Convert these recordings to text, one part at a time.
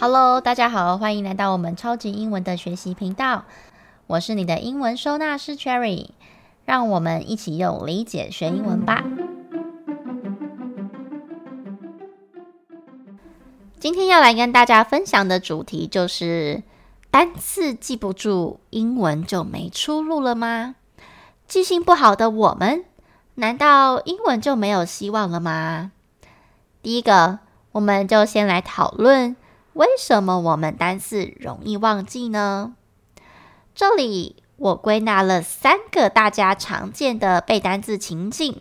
Hello，大家好，歡迎來到我們超級英文的學習頻道。我是你的英文收納師 Cherry，讓我們一起用理解學英文吧。今天要來跟大家分享的主題就是：單字記不住，英文就沒出路了嗎？記性不好的我們，難道英文就沒有希望了嗎？第一個，我們就先來討論。為什麼我們單字容易忘記呢？這裡我歸納了三個大家常見的背單字情境。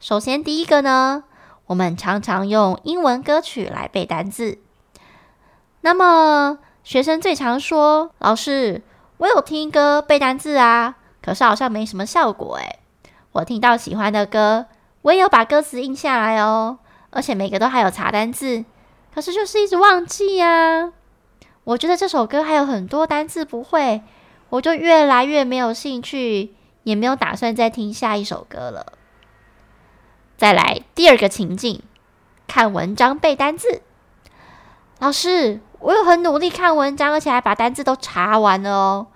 首先，第一個呢，我們常常用英文歌曲來背單字。那麼，學生最常說：“老師，我有聽歌背單字啊，可是好像沒什麼效果哎。”我聽到喜歡的歌，我也有把歌詞印下來哦，而且每個都還有查單字。可是就是一直忘記呀、啊！我覺得這首歌還有很多單字不會，我就越來越沒有興趣，也沒有打算再聽下一首歌了。再來第二個情境，看文章背單字。老師，我有很努力看文章，而且還把單字都查完了哦。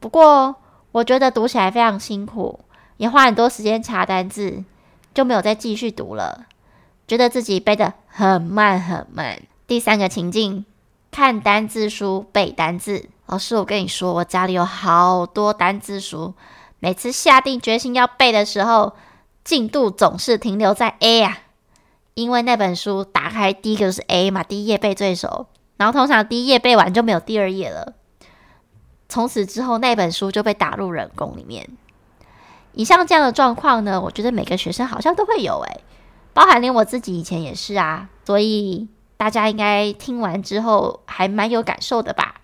不過我覺得讀起來非常辛苦，也花很多時間查單字，就沒有再繼續讀了，覺得自己背的。很慢很慢。第三個情境，看單字書背單字。老師，我跟你說，我家裡有好多單字書，每次下定決心要背的時候，進度總是停留在 A 啊，因為那本書打開第一個就是 A 嘛，第一頁背最熟，然後通常第一頁背完就沒有第二頁了，從此之後那本書就被打入冷宮裡面。以上這樣的狀況呢，我覺得每個學生好像都會有欸。包含連我自己以前也是啊，所以大家應該聽完之後還蠻有感受的吧？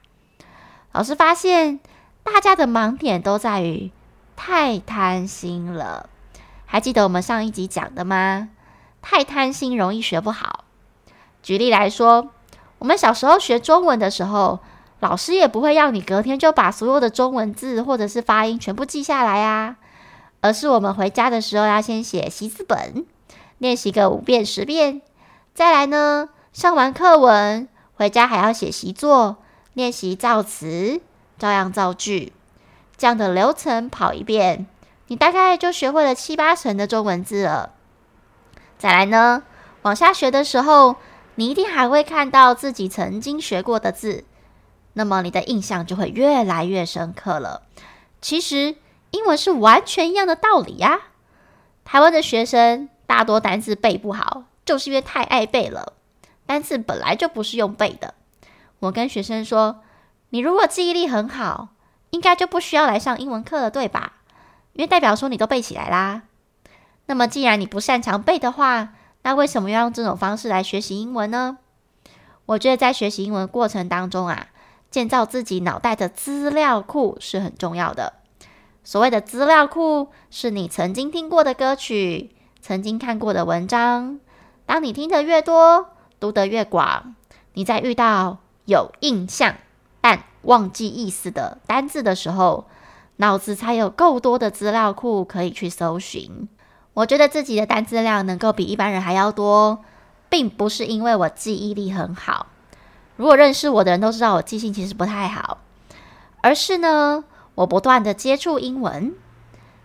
老師發現大家的盲點都在於太貪心了。還記得我們上一集講的嗎？太貪心容易學不好。舉例來說，我們小時候學中文的時候，老師也不會要你隔天就把所有的中文字或者是發音全部記下來啊，而是我們回家的時候要先寫習字本。練習個五遍十遍，再來呢？上完課文回家還要寫習作，練習造詞，照樣造句，這樣的流程跑一遍，你大概就學會了七八成的中文字了。再來呢？往下學的時候，你一定還會看到自己曾經學過的字，那麼你的印象就會越來越深刻了。其實英文是完全一樣的道理呀，台灣的學生。大多單字背不好，就是因為太愛背了。單字本來就不是用背的。我跟學生說：“你如果記憶力很好，應該就不需要來上英文課了，對吧？因為代表說你都背起來啦。那麼既然你不擅長背的話，那為什麼要用這種方式來學習英文呢？”我覺得在學習英文的過程當中啊，建造自己腦袋的資料庫是很重要的。所謂的資料庫，是你曾經聽過的歌曲。曾經看過的文章，當你聽得越多，讀得越廣，你在遇到有印象但忘記意思的單字的時候，腦子才有夠多的資料庫可以去搜尋。我覺得自己的單字量能夠比一般人還要多，並不是因為我記憶力很好，如果認識我的人都知道我記性其實不太好，而是呢，我不斷地接觸英文，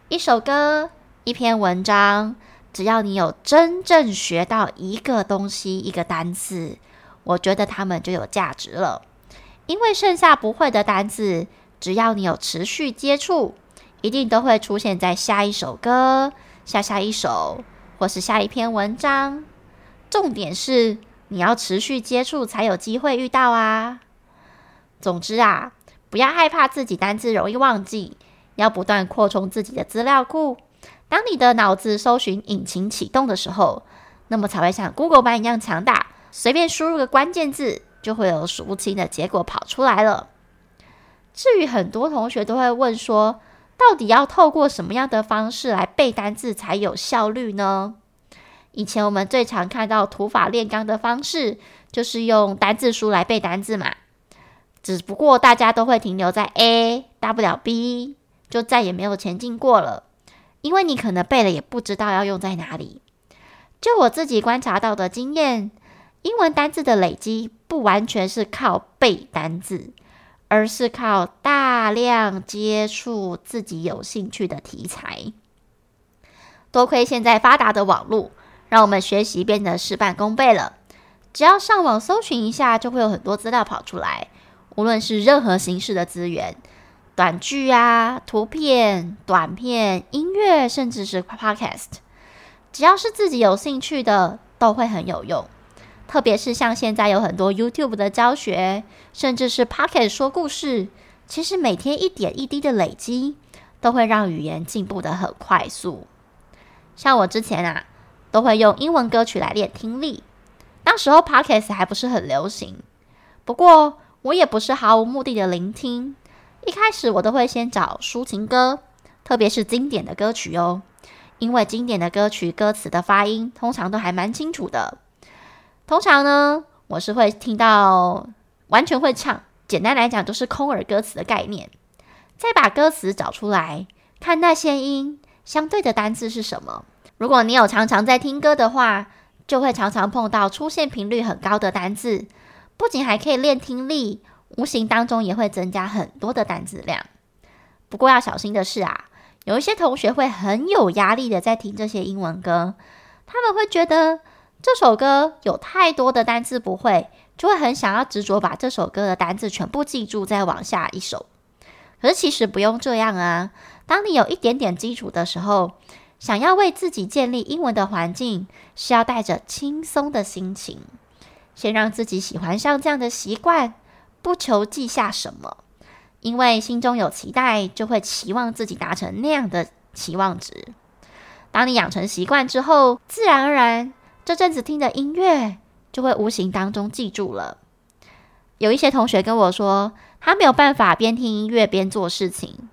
一首歌，一篇文章。只要你有真正學到一個東西、一個單字，我覺得他們就有價值了。因為剩下不會的單字，只要你有持續接觸，一定都會出現在下一首歌、下下一首，或是下一篇文章。重點是你要持續接觸才有機會遇到啊！總之啊，不要害怕自己單字容易忘記，要不斷擴充自己的資料庫。當你的腦子搜尋引擎啟動的時候，那麼才會像 Google 般一樣強大，隨便輸入個關鍵字，就會有數不清的結果跑出來了。至於很多同學都會問說，到底要透過什麼樣的方式來背單字才有效率呢？以前我們最常看到土法煉鋼的方式，就是用單字書來背單字嘛。只不過大家都會停留在 A 大不了 B，就再也沒有前進過了。因為你可能背了也不知道要用在哪裡。就我自己觀察到的經驗，英文單字的累積不完全是靠背單字，而是靠大量接觸自己有興趣的題材。多虧現在發達的網絡，讓我們學習變得事半功倍了。只要上網搜尋一下，就會有很多資料跑出來，無論是任何形式的資源。短劇啊，圖片、短片、音樂，甚至是 Podcast，只要是自己有興趣的，都會很有用。特別是像現在有很多 YouTube 的教學，甚至是 Podcast 說故事，其實每天一點一滴的累積，都會讓語言進步得很快速。像我之前啊，都會用英文歌曲來練聽力。那時候 Podcast 還不是很流行，不過我也不是毫無目的的聆聽。一開始我都會先找抒情歌，特別是經典的歌曲哦，因為經典的歌曲歌詞的發音通常都還蠻清楚的。通常呢，我是會聽到完全會唱，簡單來講都是空耳歌詞的概念。再把歌詞找出來，看那些音相對的單字是什麼。如果你有常常在聽歌的話，就會常常碰到出現頻率很高的單字，不僅還可以練聽力，無形當中也會增加很多的單字量，不過要小心的是啊，有一些同學會很有壓力的在聽這些英文歌，他們會覺得這首歌有太多的單字不會，就會很想要執着把這首歌的單字全部記住，再往下一首。可是其實不用這樣啊，當你有一點點基礎的時候，想要為自己建立英文的環境，是要帶着輕鬆的心情，先讓自己喜歡上這樣的習慣。不求記下什麼，因為心中有期待，就會期望自己達成那樣的期望值。當你養成習慣之後，自然而然，這陣子聽的音樂就會無形當中記住了。有一些同學跟我說，他沒有辦法邊聽音樂邊做事情，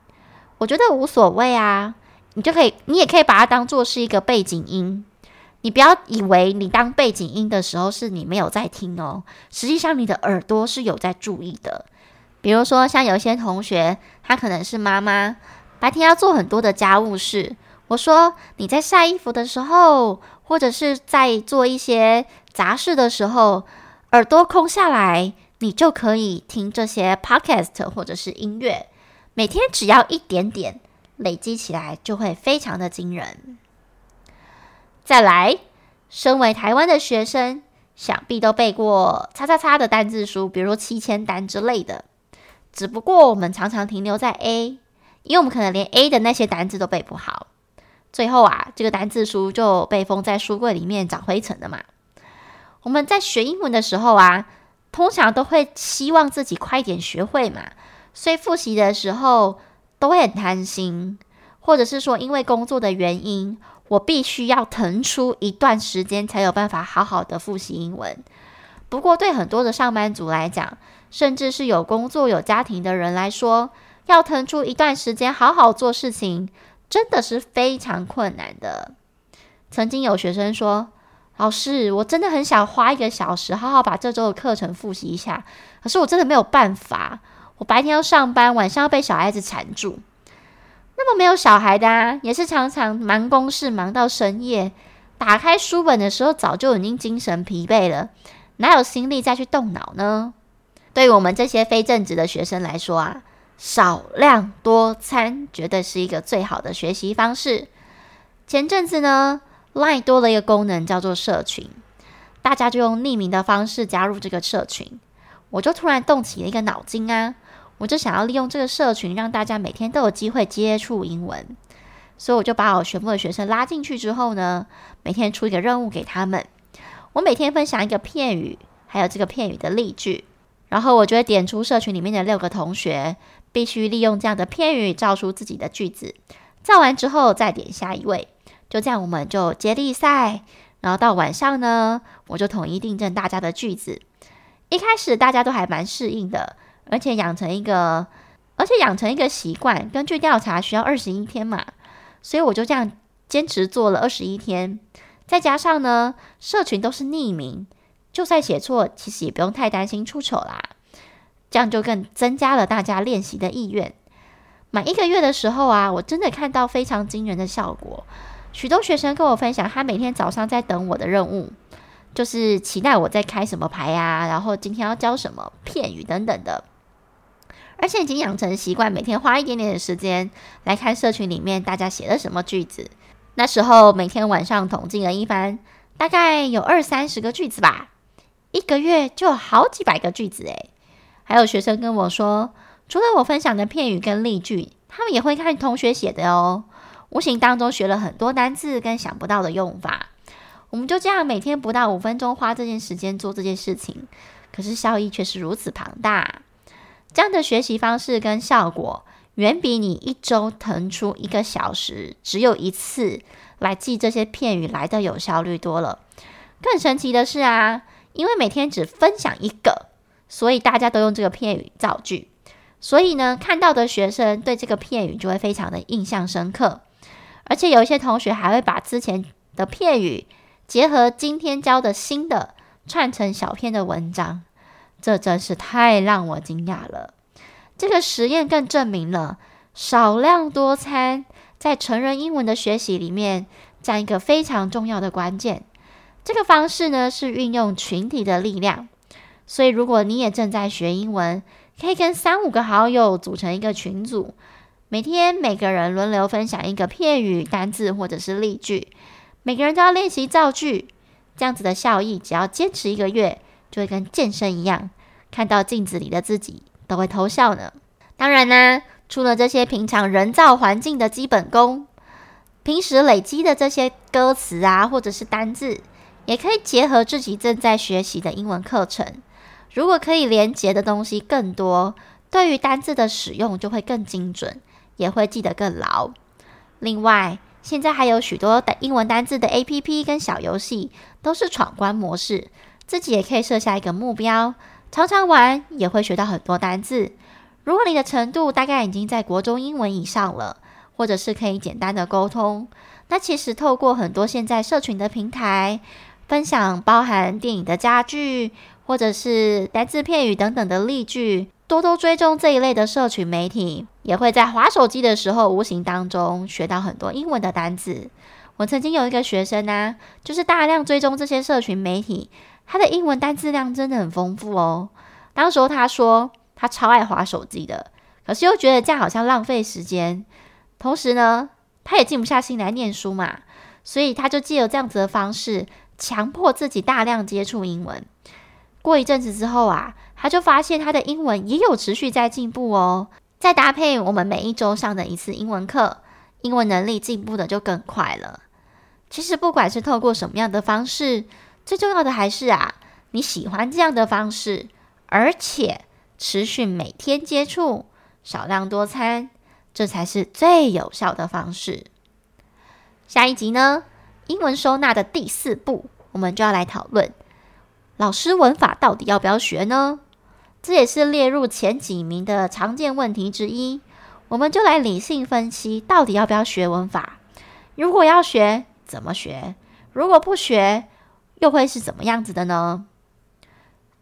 我覺得無所謂啊，你就可以，你也可以把它當做是一個背景音。你不要以為你當背景音的時候是你沒有在聽哦，實際上你的耳朵是有在注意的。比如說，像有一些同學，他可能是媽媽，白天要做很多的家務事。我說你在曬衣服的時候，或者是在做一些雜事的時候，耳朵空下來，你就可以聽這些 podcast 或者是音樂。每天只要一點點，累積起來就會非常的驚人。再來，身為台灣的學生，想必都背過“叉叉叉”的單字書，比如說七千單之類的。只不過我們常常停留在 A，因為我們可能連 A 的那些單字都背不好，最後啊，這個單字書就被封在書櫃裡面長灰塵了嘛。我們在學英文的時候啊，通常都會希望自己快點學會嘛，所以複習的時候都會很貪心，或者是說因為工作的原因。我必須要騰出一段時間，才有辦法好好的複習英文。不過，對很多的上班族來講，甚至是有工作、有家庭的人來說，要騰出一段時間好好做事情，真的是非常困難的。曾經有學生說：“老師，我真的很想花一個小時，好好把這週的課程複習一下，可是我真的沒有辦法，我白天要上班，晚上要被小孩子纏住。”那麼沒有小孩的啊，也是常常忙公事，忙到深夜。打開書本的時候，早就已經精神疲憊了，哪有心力再去動腦呢？對於我們這些非正職的學生來說啊，少量多餐絕對是一個最好的學習方式。前陣子呢，LINE 多了一個功能，叫做社群，大家就用匿名的方式加入這個社群，我就突然動起了一個腦筋啊。我就想要利用這個社群，讓大家每天都有機會接觸英文。所以我就把我全部的學生拉進去之後呢，每天出一個任務給他們。我每天分享一個片語，還有這個片語的例句，然後我就會點出社群裡面的六個同學，必須利用這樣的片語造出自己的句子。造完之後再點下一位，就這樣我們就接力賽。然後到晚上呢，我就統一訂正大家的句子。一開始大家都還蠻適應的。而且養成一個，而且養成一個習慣。根據調查，需要二十一天嘛，所以我就這樣堅持做了二十一天。再加上呢，社群都是匿名，就算寫錯，其實也不用太擔心出醜啦。這樣就更增加了大家練習的意願。滿一個月的時候啊，我真的看到非常驚人的效果。許多學生跟我分享，他每天早上在等我的任務，就是期待我在開什麼牌呀、啊，然後今天要教什麼片語等等的。而且已經養成習慣，每天花一點點的時間來看社群裡面大家寫的什麼句子。那時候每天晚上統計了一番，大概有二三十個句子吧，一個月就好幾百個句子誒，還有學生跟我說，除了我分享的片語跟例句，他們也會看同學寫的哦，無形當中學了很多單字跟想不到的用法。我們就這樣每天不到五分鐘花這件時間做這件事情，可是效益卻是如此龐大。這樣的學習方式跟效果，遠比你一周騰出一個小時，只有一次來記這些片語來得有效率多了。更神奇的是啊，因為每天只分享一個，所以大家都用這個片語造句，所以呢，看到的學生對這個片語就會非常的印象深刻，而且有一些同學還會把之前的片語結合今天教的新的，串成小篇的文章。這真是太讓我驚訝了！這個實驗更證明了少量多餐在成人英文的學習裡面佔一個非常重要的關鍵。這個方式呢，是運用群體的力量，所以如果你也正在學英文，可以跟三五個好友組成一個群組，每天每個人輪流分享一個片語、單字或者是例句，每個人都要練習造句，這樣子的效益只要堅持一個月，就會跟健身一樣，看到鏡子裡的自己都會偷笑呢。當然呢，啊，除了這些平常人造環境的基本功，平時累積的這些歌詞啊，或者是單字，也可以結合自己正在學習的英文課程。如果可以連接的東西更多，對於單字的使用就會更精準，也會記得更牢。另外，現在還有許多的英文單字的 APP 跟小遊戲，都是闖關模式。自己也可以設下一個目標，常常玩也會學到很多單字。如果你的程度大概已經在國中英文以上了，或者是可以簡單的溝通，那其實透過很多現在社群的平台，分享包含電影的佳句或者是單字片語等等的例句，多多追蹤這一類的社群媒體，也會在滑手機的時候無形當中學到很多英文的單字。我曾經有一個學生啊，就是大量追蹤這些社群媒體。他的英文單字量真的很豐富哦。當時候他說他超愛滑手機的，可是又覺得這樣好像浪費時間。同時呢，他也靜不下心來念書嘛，所以他就借由這樣子的方式，強迫自己大量接觸英文。過一陣子之後啊，他就發現他的英文也有持續在進步哦。再搭配我們每一周上的一次英文課，英文能力進步的就更快了。其實不管是透過什麼樣的方式，最重要的還是啊，你喜歡這樣的方式，而且持續每天接觸，少量多餐，這才是最有效的方式。下一集呢，英文收納的第四步，我們就要來討論，老師文法到底要不要學呢？這也是列入前幾名的常見問題之一。我們就來理性分析，到底要不要學文法？如果要學，怎麼學？如果不學？又會是怎麼樣子的呢？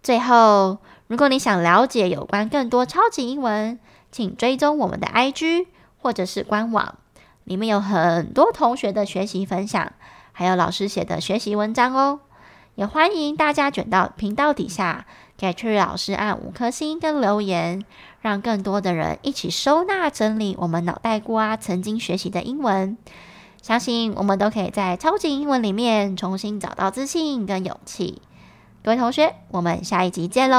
最後，如果你想了解有關更多超級英文，請追蹤我們的 IG 或者是官網，裡面有很多同學的學習分享，還有老師寫的學習文章哦。也歡迎大家卷到頻道底下，給 Cherry 老師按五顆星跟留言，讓更多的人一起收納整理我們腦袋瓜曾經學習的英文。相信我們都可以在《超級英文》裡面重新找到自信跟勇氣。各位同學，我們下一集見嘍！